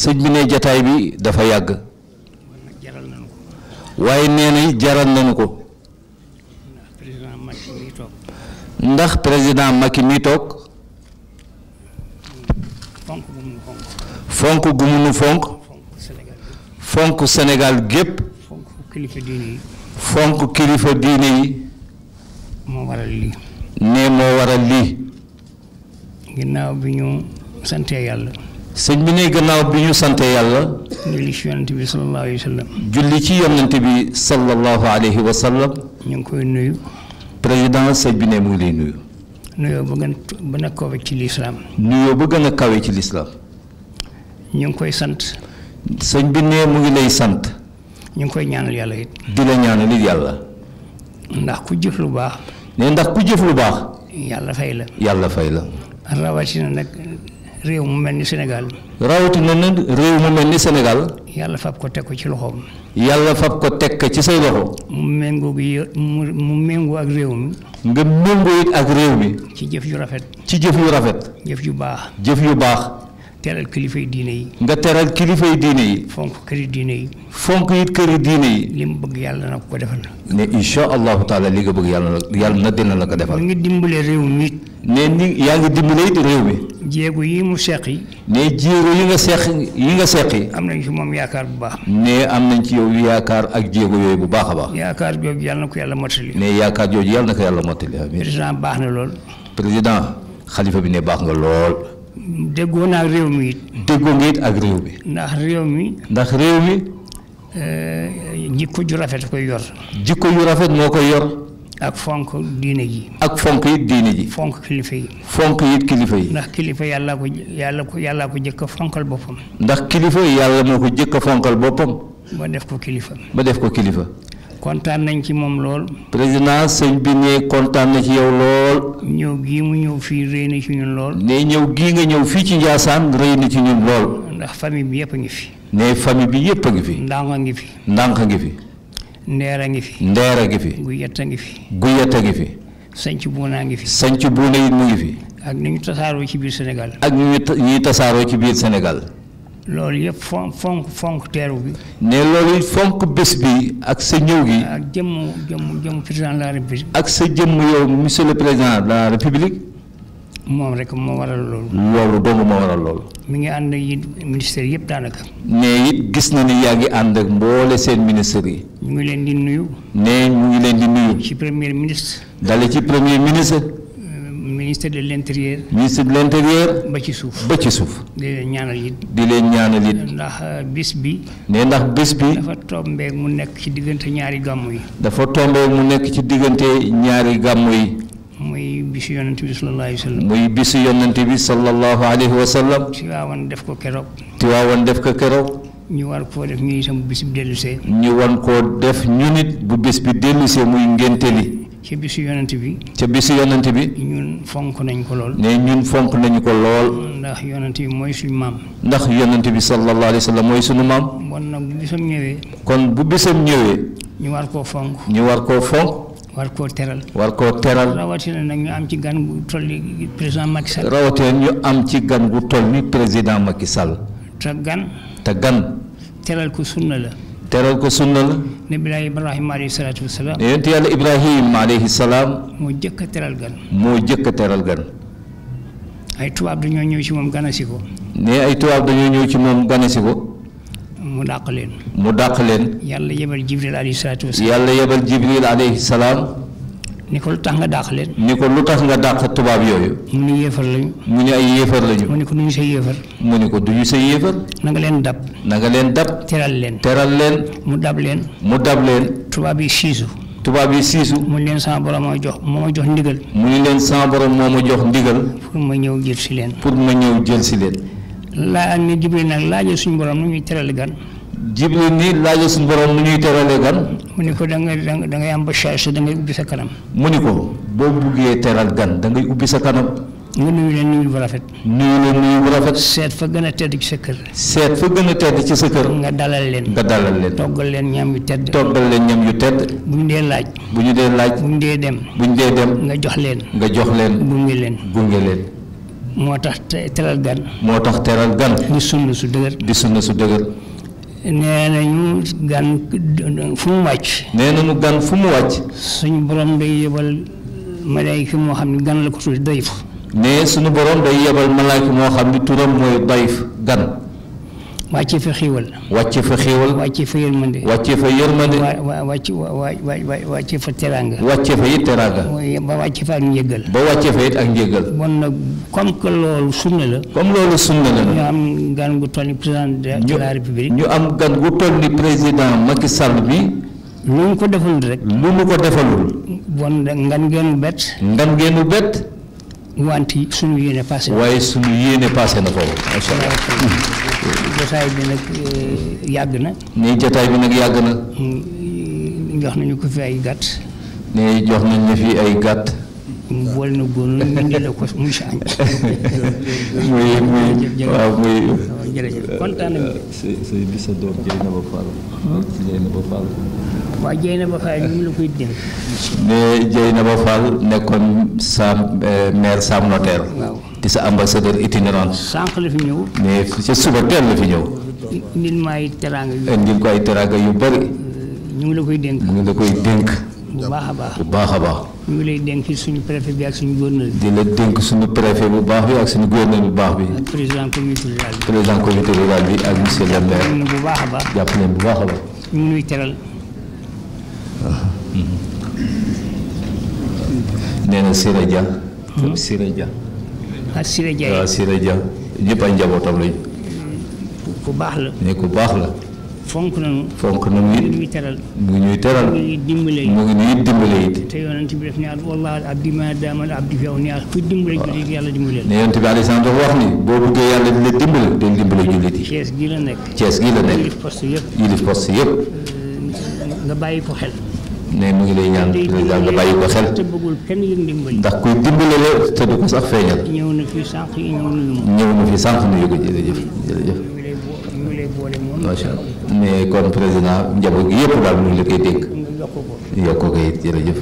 sëñ bi ne jataay bi dafa yàgg waaye nee na jaral nañu ko ndax président makki mi toog fonk gu mu nu fonk fonk Sénégal gépp fonk kilifa diine yi moo waral lii ne moo waral lii ginnaaw bi ñu santee yàlla sëñ bi ne gannaaw bi ñu sante yàlla. julli ci yonante bi sallallahu alayhi wa sallam. julli ci yonante bi sallallahu alayhi ñu ngi koy nuyu. président sëñ bi ne mu ngi lay nuyu. nuyoo ba gën ci lislaam. nuyoo ba gën a kawe ci lislaam. ñu ngi koy sant. sëñ bi ne mu ngi lay sant. ñu ngi koy ñaanal yàlla it. di la ñaanal yàlla. ndax ku jëf lu baax. ne ndax ku jëf lu baax. yàlla fay la. yàlla fay la. rawatina nag réew mu mel ni Sénégal. rawatina na réew mu mel ni Sénégal. yàlla fab ko teg ko ci loxoom. yàlla fab ko teg ko ci say loxo. mu méngoo gi mu mu méngoo ak réew mi. nga méngoo it ak réew mi. ci jëf yu rafet. ci jëf yu rafet. jëf yu baax. jëf yu baax. teral kilifay diine yi. nga teral kilifay diine yi. fonk këri diine yi. fonk yi këri diine yi. li mu bëgg yàlla na ko defal. ne incha allahu taala li nga bëgg yàlla na yàlla na dina la ko defal. mu ngi dimbale réew mi. ne ni yaa réew mi. jéego yi mu seq yi. ne jéego yi nga seq yi nga seq yi. am nañ moom yaakaar bu baax. ne am nañ ci yow yaakaar ak jéego yooyu bu baax a yaakaar jooju yàlla na ko yàlla mottali. ne yaakaar jooju yàlla na ko yàlla mottali. président baax na lool. président xalifa bi ne baax nga lool. déggoo naa ak réew mi it. déggoo nga it ak réew mi. ndax réew mi. ndax réew mi. Eh, jikko ju rafet koy yor. jikko yu rafet moo koy yor. ak fonk diine ji. ak fonk it diine ji. fonk kilifa yi. fonk it kilifa yi. ndax kilifa yàlla ko yàlla ko yàllaa ko jëkk a fonkal boppam. ndax kilifa yàlla moo ko jëkk fonkal boppam. ba def ko kilifa. ba def ko kilifa. kontaan nañ ci moom lool. président sëñ bi ne kontaan na ci yow lool. ñëw gii mu ñëw fii rëy na ci ñun lool. ne ñëw gii nga ñëw fii ci njaasaan rëy na ci ñun lool. ndax famille bi yëpp a ngi fi. ne famille bi yëpp a ngi fi. ndànk a ngi fi. ndànk a fi. ndeer a ngi fi. ndeer a ngi fi. guyet a ngi fi. guyet a fi. sanc buuna a ngi fi. sanc buuna it mu ngi fi. ak ni ñu tasaaroo ci biir Sénégal. ak ñuy tasaaroo ci biir Sénégal. loolu yëpp fonk fonk fonk teeru bi. ne loolu fonk bés bi ak sa ñëw gi. ak jëmm jëmm jëmm président la république. ak sa jëmm yow monsieur le président de la république. moom rek moo waral loolu. loolu dong moo waral loolu. mi ngi ànd ak yi ministère yëpp daanaka. ne it gis na ni yaa ngi ànd ak mboole seen ministère yi. mu ngi leen di nuyu. ne ñu ngi leen di nuyu. ci premier ministre. dale ci premier ministre. ministère de l' intérieur. ministère de l' ba ci suuf ba ci suuf. di leen ñaanal it. di leen ñaanal it. ndax euh, bis bi. ne ndax bis bi. dafa tombé mu nekk ci diggante ñaari gàmmu yi. dafa tombé mu nekk ci diggante ñaari gàmmu yi. muy bis yonent bi sallallahu alayhi wa sallam. muy bisu yonent Tiwaawan def ko keroog. Tiwaawan def ko keroog. ñu war koo def ñu itam bis bi dellusee. ñu war koo def ñu nit bu bis bi dellusee muy ngénte li ca bisu yonent bi. ca bisu yonent bi. ñun fonk nañ ko lool. ne ñun fonk nañu ko lool. ndax yonent bi mooy suñu maam. ndax yonent bi sallallahu alayhi wa mooy suñu maam. kon nag bu bisam ñëwee. kon bu bisam ñëwee. ñu war koo fonk. ñu war koo fonk. war koo teral. war koo teral. rawatina nag ñu am ci gan gu toll ni président Macky Sall. rawatina am ci gan gu toll ni président Macky Sall. te gan. te gan. teral ko sunna la. teral ko sunna la. nabilaay Ibrahima alayhi salaatu wasalaam. yonent yàlla Ibrahima alayhi salaam. moo jëkk teral gan. moo jëkk a teral gan. ay tubaab dañoo ñëw ci moom ganasi ko. ne ay tubaab dañoo ñëw ci moom ganasi ko. mu dàq leen. mu dàq leen. yàlla yebal Jibril alayhi salaatu wasalaam. yàlla yebal Jibril alayhi salaam. ni ko lu tax nga dàq leen. ni ko lu tax nga dàq tubaab yooyu. mu ni yéefar lañu. mu ni ay yéefar ni ko du ñu sa yéefar. mu ni ko du ñu sa yéefar. na nga leen dab. nanga leen dab. teral leen. teral leen. mu dab leen. mu dab leen. tubaab yi siisu. tubaab yi siisu. mu ni leen sama borom moo jox moo ma jox ndigal. mu ni leen sama borom moo ma jox ndigal. pour ma ñëw jël si leen. pour ma ñëw jël si leen. laa ni Jibril nag laajal suñu borom nu ñuy teral gan. Jibril nii laaj suñu borom nu ñuy terale gan. mu ni ko da ngay da ngay am bachage da ngay ubbi sa kanam. mu ni ko boo buggee teral gan da ngay ubbi sa kanam. nga nuyu leen nuyu bu rafet. nuyu leen nuyu bu rafet. seet fa gën a tedd ci sa kër. seet fa gën a tedd ci sa kër. nga dalal leen. nga dalal leen. toggal leen ñam yu tedd. toggal leen ñam yu tedd. bu ñu dee laaj. bu ñu dee laaj. bu ñu dee dem. bu ñu dee dem. nga jox leen. nga jox leen. gunge leen. gunge leen. moo tax teral gan. moo tax teral gan. di sunna su dëgër. di sunna su dëgër. nee nañu gan fu mu wàcc. nee nañu gan fu mu wàcc. suñu borom day yebal malaayka moo xam ne gan la ko tudd dayif. nee suñu borom day yebal malaayka moo xam ne turam mooy dayif gan. wàcce fa xéewal. wàcce fa xéewal. wàcce fa yërmande. wàcce fa yërmande. wa wàcce wàcce fa teraanga. wàcce fa it teraanga. ba wàcce fa ak njëggal. ba wàcce fa it ak njëggal. bon nag comme que loolu sunna la. comme loolu sunna la. ñu ñu am gan gu toll ni président Macky Sall bi. lu mu ko defalul rek. lu mu ko defalul. bon nag ngan ngeenu bett. ngan ngeenu bett. wante sunu yéene passé na. waaye sunu yéene na ko. Eh, jotaay bi nag yàgg na. nii jotaay bi nag yàgg na. jox nañu ko fi ay gàtt. nii jox nañu fi ay gàtt. mu boole na góor ñu indi la ko muy koy dénk. mais Dieynaba Fall nekkoon Sam eh, maire Sam Notaire. ti sa ambassadeur itinérant. sànq la fi ñëw. mais suba teel la fi ñëw. indil ma ay teraanga yu. indil ko ay teraanga yu bëri. Euh, ñu ngi la koy dénk. ñu ngi la koy dénk. bu baax a baax bu baax a baax. ñu ngi lay dénk suñu préfet bi ak suñu gouverneur bi. suñu préfet bu baax bi ak suñu gouverneur bu baax bi. président comité rural bi. président comité bi ak monsieur le maire. bu baax a baax jàpp nañu bu baax a baax. ñu ngi nuy teral. Ah. Mhm. nee Sira Dia. Hmm? ak Siré Dia waaw Siré Dia ñëpp ay njabootam lañu. Mm. ku baax la. ne ku baax la. fonk nañu. fonk nañu it mu ngi ñuy teral. mu ngi ñuy teral mu ngi mu ngi ñuy dimbale it. te bi def ne wallaahi abdi ma daamal abdi fi ku dimbale jullit yàlla dimbale. ne yonent bi Aliou Sane dafa wax ni boo bëggee yàlla di la dimbale dañ dimbale jullit yi. Thiès gii la nekk. Thiès gii la nekk yilif poste yëpp. yilif euh, nga bàyyi ko xel. ne mu ngi lay ñaan président nga bàyyi ko xel ndax kuy dimbale la du ko sax feeñal ñëw na fi sànq nuyu ko jërëjëf jërëjëf macha allah mais kon président njaboot gi yëpp daal mu ngi la koy dégg yokk ko it jërëjëf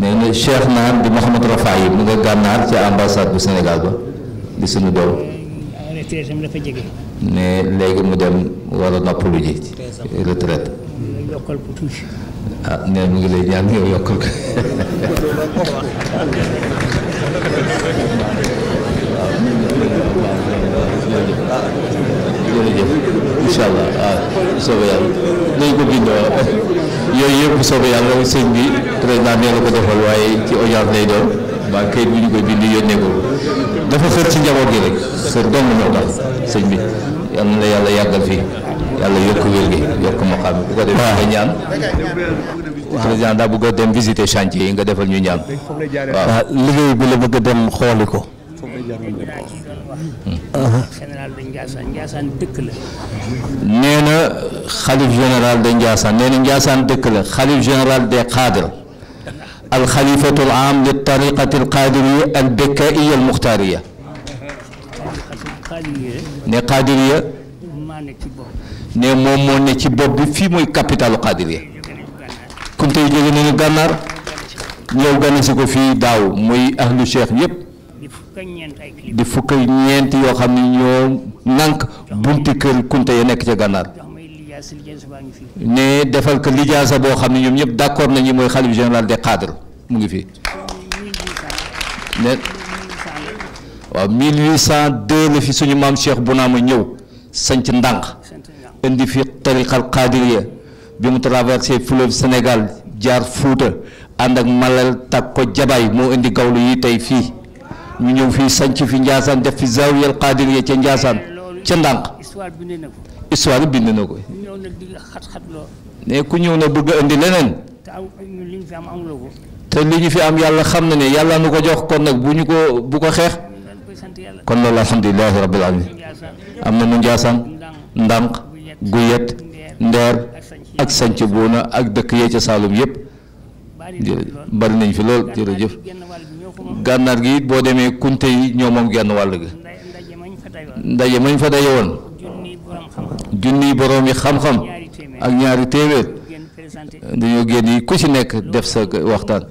nee na Cheikh naan di Mouhamed Rafa yi mu nga gànnaar ci ambassade bu Sénégal ba di suñu doom ne léegi mu dem war a noppalu ji. retraite yokkal ah, mu ngi lay ñaan yow yokkal ko. jërëjëf incha allah ah yàlla nañ ko bindoo yooyu yëpp soobee yàlla sëñ bi président ko defal waaye ci audience lay doon waa bi ñu koy bind yónnee ko dafa xër ci njaboot gi rek xër dong ñoo tax sëñ bi yal na la yàlla yàggal fii yàlla yokk wér gi yokk maqaam bu ko defee nga ñaan président daa bëgg a dem visiter chantier yi nga defal ñu ñaan waaw liggéey bi la bëgg a dem xooli ko uh-huh. nee na xalif général de Ndiassane nee na Ndiassane dëkk la xalif général des Khadres al xalifatul aam li tariqati al qadiriya al bekaiya al muxtaariya ne Qadiriya ne moom moo ne ci bopp bi fii mooy capitalu Qadiriya kunte yi jóge nañu gànnaar ñëw gane si ko fii daaw muy ahlu cheikh yépp di fukk ñeent yoo xam ne ñoo nànk bunti kër kunte ya nekk ca gànnaar ne defal ko lijaasa boo xam ne ñoom ñëpp d'accord nañu mooy xalif général des cadres mu ngi fii waaw 1802 la fi suñu maam Cheikh Bounama ñëw sanc ndànk indi fi tariqal qaadiriya bi mu traversé fleuve Sénégal jaar Fuuta ànd ak Malal tak ko jabaay moo indi gawlu yi tey fii mu ñëw fii sanc fi Njaasaan def fi zawiyal qaadiriya ca Njaasaan ca ndànk histoire bind na ko ne ku ñëw na bëgg a indi leneen te li ñu fi am yàlla xam na ne yàlla nu ko jox kon nag bu ñu ko bu ko xeex kon loolu alhamdulilahi rabbil alamin am na nu njaasaan ndànk guyet ndeer ak sanc buuna ak dëkk yee ca saalum yëpp bari nañ fi lool jërëjëf gànnaar gi boo demee kunte yi ñoo moom genn wàll gi ndaje mañ fa daje woon junniy boroom yi xam-xam ak ñaari téeméer dañoo génn yi ku ci nekk def sa waxtaan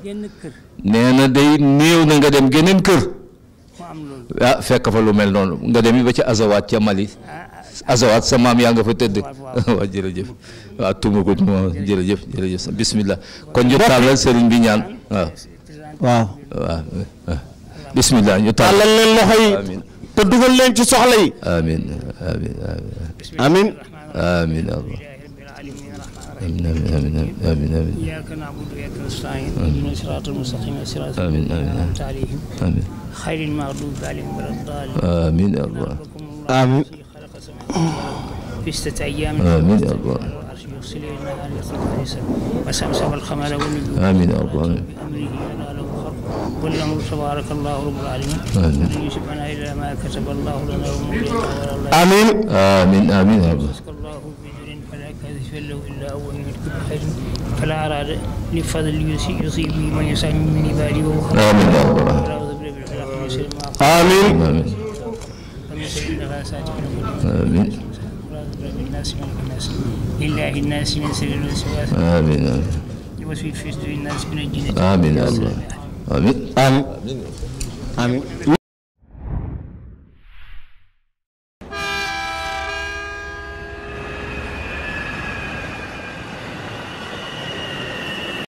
nee na day néew na nga dem geneen kër ah fekk fa mel noonu nga dem ba ci azawaat ca Mali ah, ah, ah, azawaat sa yaa nga fa tëdd waaw jërëjëf waaw tumakut moo bismillah kon ñu tàllal bismillah ñu leen loxo yi leen ci soxla amin amin amin آمين آمين آمين آمين آمين إياك نعبد وإياك نستعين اهدنا الصراط المستقيم صراط آمين آمين أنعمت عليهم آمين خير المغضوب عليهم ولا الضالين آمين يا الله آمين في ستة أيام آمين يا الله وسمسم الخمر والنجوم آمين يا الله بأمره ينال والأمر تبارك الله رب العالمين آمين يجب أن إلى ما كتب الله لنا ومن آمين آمين آمين يا الله له إلا أول من كل حزم فلا أراد لفضل يصيب به من يسعى من عباده وهو آمين آمين آمين لله الناس من سر الوسواس آمين آمين يوسوس في صدور الناس من الجنة آمين آمين آمين آمين